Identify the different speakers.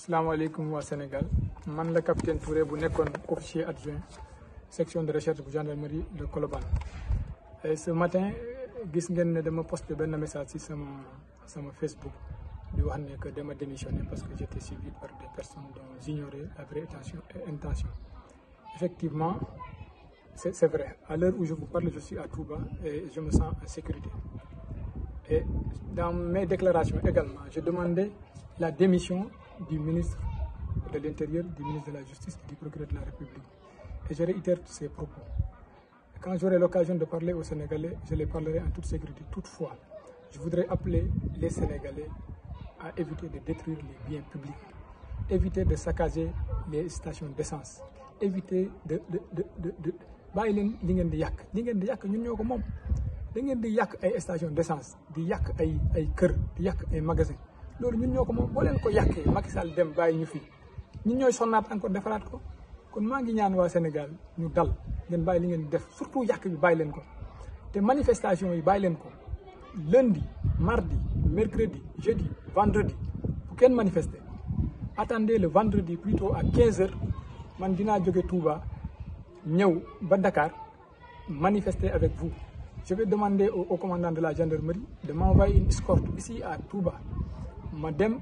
Speaker 1: salaamaaleykum waa Sénégal man la capitaine Touré bu nekkoon officier adjoint section de recherche bu gendarmerie de Colobane et ce matin gis ngeen ne dama posté benn message si sama sama Facebook di wax ne que dama démissionné parce que j'étais suivi par des personnes dont j'ignorais la vraie intention et intention effectivement c'est c'est vrai à l'heure ou je vous parle je à Touba et je me sens sécurité et dans mes déclarations également je demandais la démission du ministre de l'Intérieur, du ministre de la Justice et du procureur de la République. Et je réitère ces propos. Quand j'aurai l'occasion de parler aux Sénégalais, je les parlerai en toute sécurité. Toutefois, je voudrais appeler les Sénégalais à éviter de détruire les biens publics, éviter de saccager les stations d'essence, éviter de de de de de bàyyi leen li ngeen di yàq li ngeen di yàq ñun ñoo ko moom da ngeen di yàq ay stations de d'essence di yàq ay ay kër di yàq ay magasins. loolu ñun ñoo ko moom boo leen ko yàqee Macky Sall dem bàyyi ñu fi ñun ñooy sonnaat ko defaraat ko kon maa ngi ñaan waa Sénégal ñu dal ngeen bàyyi li ngeen def surtout yàq bi bàyyi leen ko te manifestation yi bàyyi leen ko lundi mardi mercredi jeudi vendredi bu kenn manifester attendez le vendredi plutôt à 15 heures man dinaa jóge Touba ñëw ba ndakaar manifester avec vous je vais demander au, au commandant de la gendarmerie de m'envoyer une escorte ici à Touba ma dem